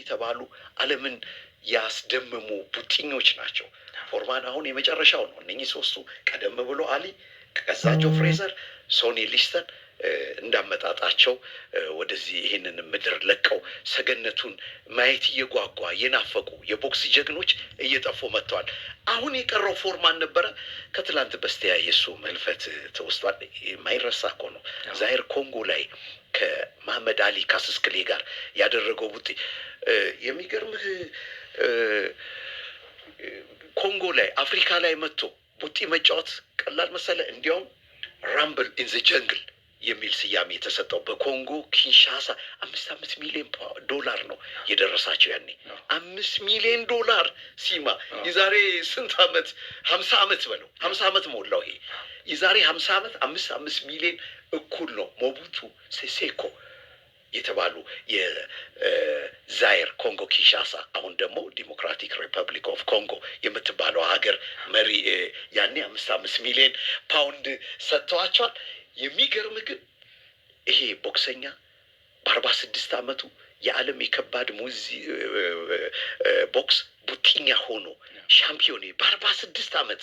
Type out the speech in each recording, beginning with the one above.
የተባሉ ዓለምን ያስደመሙ ቡጢኞች ናቸው። ፎርማን አሁን የመጨረሻው ነው። እነኚህ ሶስቱ ቀደም ብሎ አሊ፣ ከዛቸው ፍሬዘር፣ ሶኒ ሊስተን እንዳመጣጣቸው ወደዚህ ይህንን ምድር ለቀው ሰገነቱን ማየት እየጓጓ እየናፈቁ የቦክስ ጀግኖች እየጠፉ መጥተዋል። አሁን የቀረው ፎርማን ነበረ። ከትላንት በስቲያ የሱ ህልፈት ተወስቷል። የማይረሳ እኮ ነው። ዛይር ኮንጎ ላይ መሐመድ አሊ ካስስክሌ ጋር ያደረገው ውጤ የሚገርምህ ኮንጎ ላይ አፍሪካ ላይ መጥቶ ቡጢ መጫወት ቀላል መሰለ። እንዲያውም ራምብል ኢን ዘ ጀንግል የሚል ስያሜ የተሰጠው በኮንጎ ኪንሻሳ አምስት አምስት ሚሊዮን ዶላር ነው የደረሳቸው ያኔ አምስት ሚሊዮን ዶላር ሲማ የዛሬ ስንት አመት ሀምሳ አመት በለው ሀምሳ አመት ሞላው ይሄ የዛሬ ሀምሳ አመት አምስት አምስት ሚሊዮን እኩል ነው ሞቡቱ ሴሴኮ የተባሉ የዛይር ኮንጎ ኪንሻሳ አሁን ደግሞ ዲሞክራቲክ ሪፐብሊክ ኦፍ ኮንጎ የምትባለው ሀገር መሪ ያኔ አምስት አምስት ሚሊዮን ፓውንድ ሰጥተዋቸዋል። የሚገርም ግን ይሄ ቦክሰኛ በአርባ ስድስት አመቱ የዓለም የከባድ ሙዚ ቦክስ ቡጢኛ ሆኖ ሻምፒዮኔ በአርባ ስድስት አመት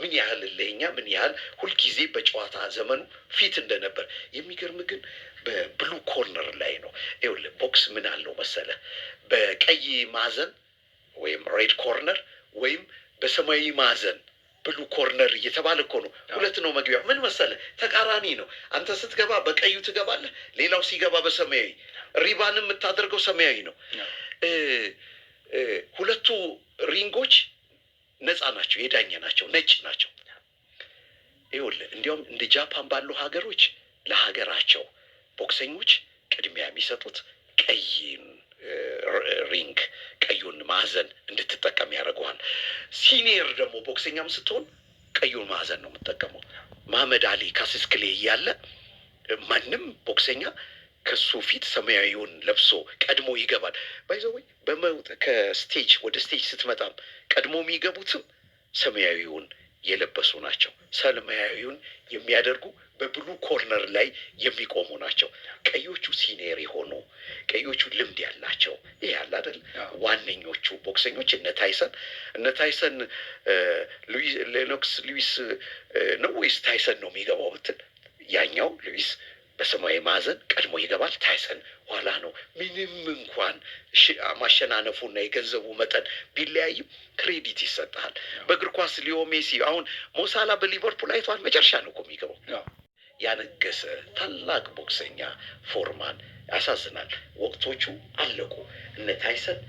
ምን ያህል እልህኛ፣ ምን ያህል ሁልጊዜ በጨዋታ ዘመኑ ፊት እንደነበር የሚገርም ግን በብሉ ኮርነር ላይ ነው። ይኸውልህ ቦክስ ምን አለው መሰለ በቀይ ማዕዘን ወይም ሬድ ኮርነር ወይም በሰማያዊ ማዕዘን ብሉ ኮርነር እየተባለ እኮ ነው። ሁለት ነው መግቢያ። ምን መሰለ ተቃራኒ ነው። አንተ ስትገባ በቀዩ ትገባለህ፣ ሌላው ሲገባ በሰማያዊ ሪባን የምታደርገው ሰማያዊ ነው። ሁለቱ ሪንጎች ነፃ ናቸው፣ የዳኘ ናቸው፣ ነጭ ናቸው። ይኸውልህ እንዲያውም እንደ ጃፓን ባሉ ሀገሮች ለሀገራቸው ቦክሰኞች ቅድሚያ የሚሰጡት ቀይን ሪንግ ቀዩን ማዕዘን እንድትጠቀም ያደርገዋል። ሲኒየር ደግሞ ቦክሰኛም ስትሆን ቀዩን ማዕዘን ነው የምትጠቀመው። መሐመድ አሊ ካሲስክሌ እያለ ማንም ቦክሰኛ ከሱ ፊት ሰማያዊውን ለብሶ ቀድሞ ይገባል። ባይዘወይ በመውጥ ከስቴጅ ወደ ስቴጅ ስትመጣም ቀድሞ የሚገቡትም ሰማያዊውን የለበሱ ናቸው። ሰማያዊውን የሚያደርጉ በብሉ ኮርነር ላይ የሚቆሙ ናቸው። ቀዮቹ ሲኒየር የሆኑ ቀዮቹ ልምድ ያላቸው ይህ ያለ አይደል? ዋነኞቹ ቦክሰኞች እነ ታይሰን እነ ታይሰን ሌኖክስ ሉዊስ ነው ወይስ ታይሰን ነው የሚገባው ብትል ያኛው ሉዊስ በሰማያዊ ማዕዘን ቀድሞ ይገባል። ታይሰን ኋላ ነው። ምንም እንኳን ማሸናነፉና የገንዘቡ መጠን ቢለያይም ክሬዲት ይሰጠሃል። በእግር ኳስ ሊዮ ሜሲ፣ አሁን ሞሳላ በሊቨርፑል አይተዋል። መጨረሻ ነው እኮ የሚገባው። ያነገሰ ታላቅ ቦክሰኛ ፎርማን ያሳዝናል። ወቅቶቹ አለቁ። እነ ታይሰን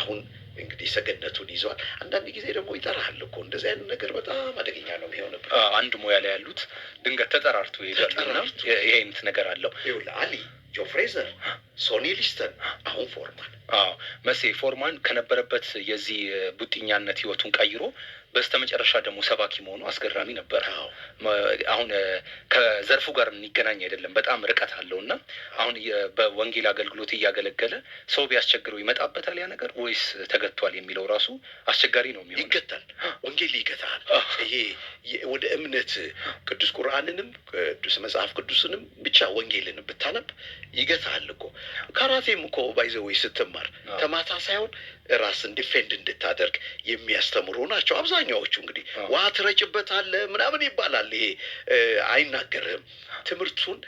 አሁን እንግዲህ ሰገነቱን ይዟል። አንዳንድ ጊዜ ደግሞ ይጠራሃል እኮ እንደዚህ አይነት ነገር በጣም አደገኛ ነው የሚሆንበት። አንድ ሙያ ላይ ያሉት ድንገት ተጠራርቶ ይሄዳል ይሄ አይነት ነገር አለው። ይኸውልህ አሊ ፍሬዘር፣ ሶኒ ሊስተን አሁን ፎርማን። አዎ መሴ ፎርማን ከነበረበት የዚህ ቡጢኛነት ህይወቱን ቀይሮ በስተመጨረሻ ደግሞ ሰባኪ መሆኑ አስገራሚ ነበር። አሁን ከዘርፉ ጋር የሚገናኝ አይደለም፣ በጣም ርቀት አለው እና አሁን በወንጌል አገልግሎት እያገለገለ ሰው ቢያስቸግረው ይመጣበታል ያ ነገር ወይስ ተገቷል የሚለው ራሱ አስቸጋሪ ነው የሚሆነው። ይገታል፣ ወንጌል ይገታል። ይሄ ወደ እምነት ቅዱስ ቁርአንንም ቅዱስ መጽሐፍ ቅዱስንም ብቻ ወንጌልን ብታነብ ይገታል እኮ። ካራቴም እኮ ባይዘወይ ስትማር ተማታ ሳይሆን ራስን ዲፌንድ እንድታደርግ የሚያስተምሩ ናቸው አብዛኛዎቹ። እንግዲህ ውሃ ትረጭበታለህ ምናምን ይባላል። ይሄ አይናገርህም ትምህርቱን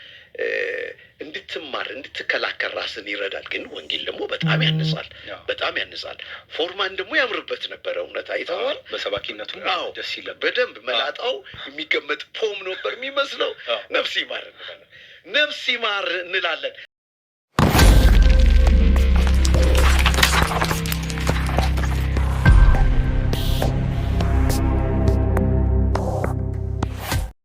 እንድትማር እንድትከላከል ራስን ይረዳል። ግን ወንጌል ደግሞ በጣም ያንጻል፣ በጣም ያንጻል። ፎርማን ደግሞ ያምርበት ነበረ። እውነት አይተዋል። በሰባኪነቱ ደስ ይለ በደንብ መላጣው የሚገመጥ ፖም ነበር የሚመስለው። ነፍስ ይማር ነፍስ ይማር እንላለን።